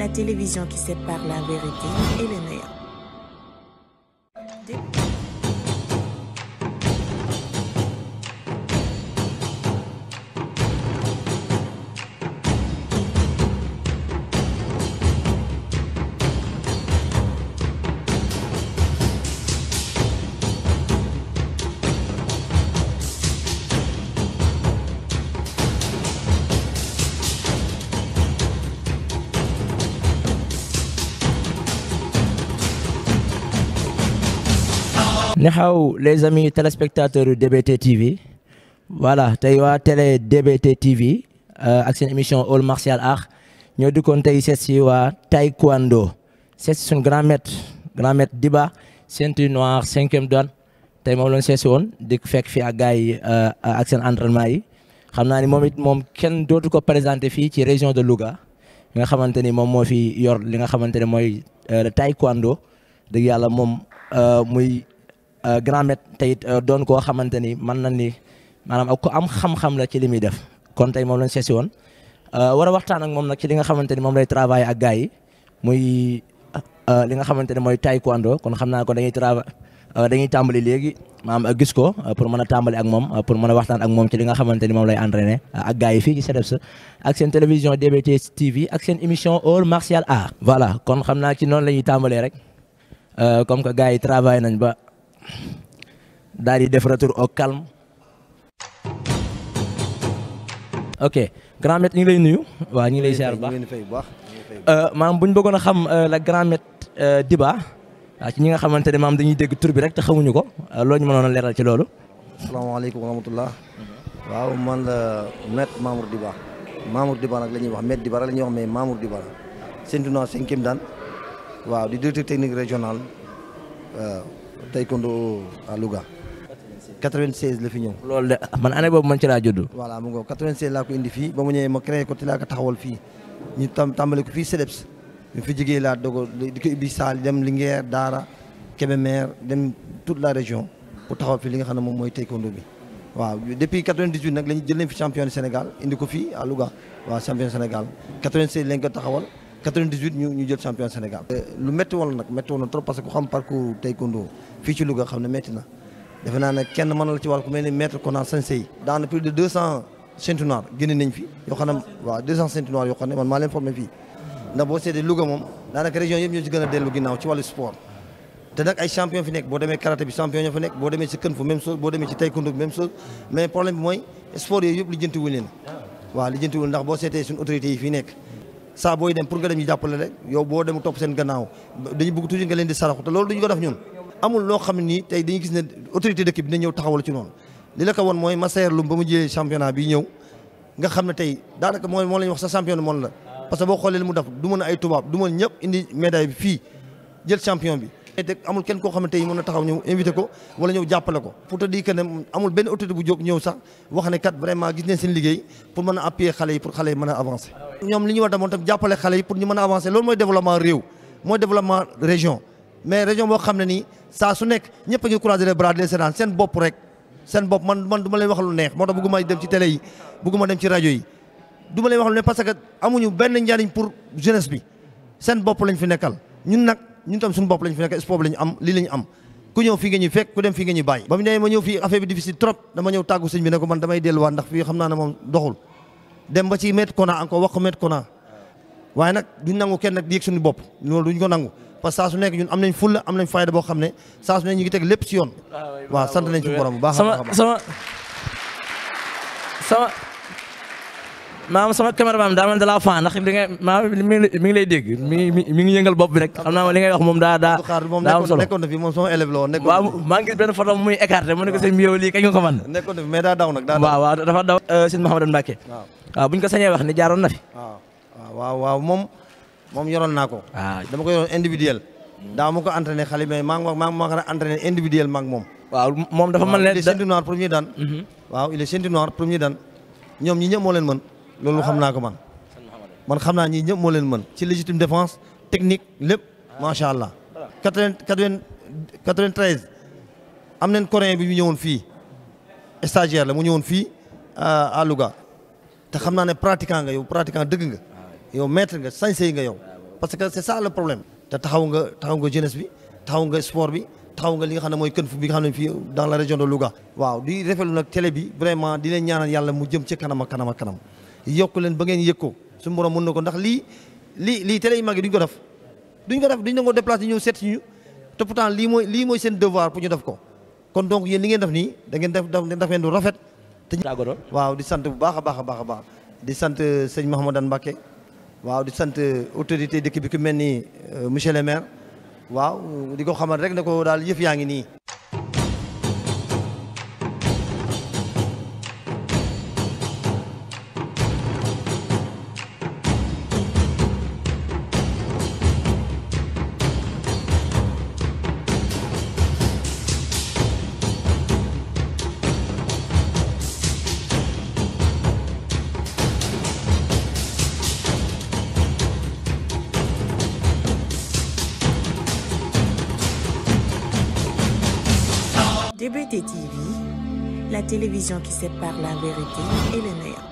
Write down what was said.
la télévision qui sépare la vérité et le néant. Nihao les amis téléspectateurs de DBT TV voilà tey télé DBT TV euh, ak seen émission All Martial Arts ñoo du tey seet si waa taekwondo c'est son grand maître grand maître Diba ceinture noire cinquième dan tey moom lañ seet si woon di fekk fii ak gars yi euh, ak seen entraînement yi xam naa ni moom ci région de Louga nga xamante ni moom moo fi yor li nga xamante ne euh, le taekwondo dëgg yàlla moom muy. Euh, grand maître tey it euh, doon koo xamante ni mën na ni maanaam ak ko am xam-xam la ci li muy def kon tey moom la seesi woon euh, wara a waxtaan ak moom nag ci li nga xamante ni moom lay travailler ak gars yi muy li nga xamante ne mooy taekwondo kon xam naa ko dañuy trava dañuy tàmbali léegi maanaam gis ko pour mën a tàmbali ak moom pour mën a waxtaan ak moom ci li nga xamante ni moom lay entraîner a gars yi fii ci CEDEPS ak seen télévision DBT TV ak seen émission All Martial Art voilà kon xam naa ci noonu la ñuy tàmbalee rek comme que gars yi travailler nañ ba. daal di def retour au calme. ok grand maître ñu ngi lay nuyu. waaw ñu ngi lay ziar bu baax euh, maam bu ñu bëggoon a xam euh, la grand maître euh, Diba ah, ci ñi nga xamante ne maam dañuy dégg tur rek te xamuñu ko loo ñu mënoon a leeral ci loolu. asalaamaaleykum wa rahmatullah waaw man la maître Mamour Diba. Mamour Diba nag la ñuy wax maître Diba la ñuy wax mais Mamour Diba la. seen dunaa cinquième dan waaw di directeur technique régional taekwondo à Louga. 96 la fi ñëw. loolu de man année boobu man ci laa judd. voilà mu ngoog 96 laa ko indi fii ba mu ñëwee ma créé ko te laa ko taxawal fii ñu tam ko fii CEDEPS ñu fi jigéen laa dogo di ko ibbi saal dem Linguère Daara Kébémer dem toute la région pour taxawal fii li nga xam ne moom mooy taekwondo bi. waaw depuis 98 nag lañu jël nañ fi champion du Sénégal indi ko fi à Louga waaw champion Sénégal 96 lañ ko taxawal. 98 ñu ñu jël champion Sénégal. Euh, lu métti woon nag métti woon trop parce que ku xam parcours taekwondo fii ci Louga xam ne métti na defe naa ne kenn mën na la ci wàll ku mel ni maître Konan Sensei yi. daana plus de 200 ceintures noires génne nañ fi yoo xam ne waaw fii ndax boo seetee Louga moom daanaka nag ay champion fi nekk boo demee karaté bi champion ñoo fa nekk boo demee ci kën fu même chose boo demee ci taekwondo bi même chose mais problème bi mooy sport yooyu yëpp lijjantiwuñ leen waaw lijjantiwuñ saa booy dem pour nga dem ñu jàppale rek yow boo dem topp seen gannaaw dañu bëgg toujours nga leen di saraxu te loolu duñu ko def ñun amul loo xam nii tey dañu gis ne autorité dëkk bi dina ñëw taxawal ci noonu li la ko woon mooy ma seerlu ba mu jëlee championnat bi ñëw nga xam ne tey daanaka mooy moo la ñu wax sa champion moom la parce boo xoolee mu def du mën ay tubaab du mën ñëpp indi médaille bi fii jël champion bi te amul kenn koo xam ne tey mën na taxaw ñëw invité ko wala ñëw jàppale ko pour te dire que ne amul benn autorité bu jóg ñëw sax wax ne kat vraiment gis nañ seen liggéey pour mën a appuyer xale yi pour xale mën a avancer ñoom li ñu war tam tam jàppale xale yi pour ñu mën a avancer loolu mooy développement réew mooy développement région mais région boo xam ne nii saa su nekk ñëpp a ngi croiser les bras seen bopp rek seen bopp man man du ma leen ñun tam suñu bopp lañ fi nekk sport bi ñu am lii la ñu am ku ñëw fii nga ñuy fekk ku dem fii nga ñuy bàyyi ba mu ne ma ñëw fii affaire bi difficile trop damay delluwaat ndax fii xam naa ne moom doxul dem ba ci met kona encore wax ko kona waaye nag duñ nangu kenn nag di yëg suñu bopp loolu duñ ko nangu parce saa su nekk ñun am nañ fulla am nañ fayda boo xam ne saa su nekk ñu ngi teg lépp ci yoon ah waaw sant nañ ci borom bu baax sama sama maam sama caméraman daa mel ni da laa maam mi lay dégg mi ngi mi ngi yëngal bopp bi rek xam naa li wax moom daa daa. daa am solo nekkoon benn photo muy écarté mu ne ko sëñ bi yow lii kañ nga nekkoon na fi mais daa daw nag daa waaw dafa daw. Euh, sëñ Mouhamadou Mbacke. waaw waaw bu ñu moom moom yoroon naa ko. waaw dama ko yoroon individuel. daa ma ko entraîné xale mais maa ngi maa ngi entraîné individuel maa ngi moom. waaw moom dafa mën leen. il est ceinture premier dan. Mhm. waaw il est ceinture noire premier dan ñoom ñi ñëpp moo leen mën loolu xam naa ko man man xam naa ñii ñëpp moo leen mën ci légitime défense technique lépp macha allah. quatre-vingt-treize am nañ coréen bi ñu ñëwoon fii stagiaire la mu ñëwoon fii euh, à Louga te xam naa ne pratiquant nga yow pratiquant dëgg nga yow maître nga sañsey nga yow parce que c'est ça le problème te taxaw nga taxaw nga jeunesse bi taxaw nga sport bi taxaw nga li nga xam ne mooy kën fu bi nga xam ne fii dans la région de Louga waaw di rafetlu nag télé bi vraiment dina leen ñaanal yàlla mu jëm ci kanam ak kanam yokk leen ba ngeen yëg ko suñu borom mun na ko ndax lii lii lii télé yi mag yi duñ ko def duñ ko def duñ nangoo déplacé ñëw seet ñu te pourtant lii mooy lii mooy seen devoir pour ñu def ko kon donc yéen li ngeen def nii da ngeen def daf ngeen du rafet te waaw di sant bu baax a baax a a baax di sant euh, sëñ Mahamadan Mbacké waaw di sant euh, autorité dëkk bi ku mel ni euh, monsieur le maire waaw di ko xamal rek ne ko daal yëf yaa ngi nii BTTV, TV, la télévision qui sépare la vérité et le néant.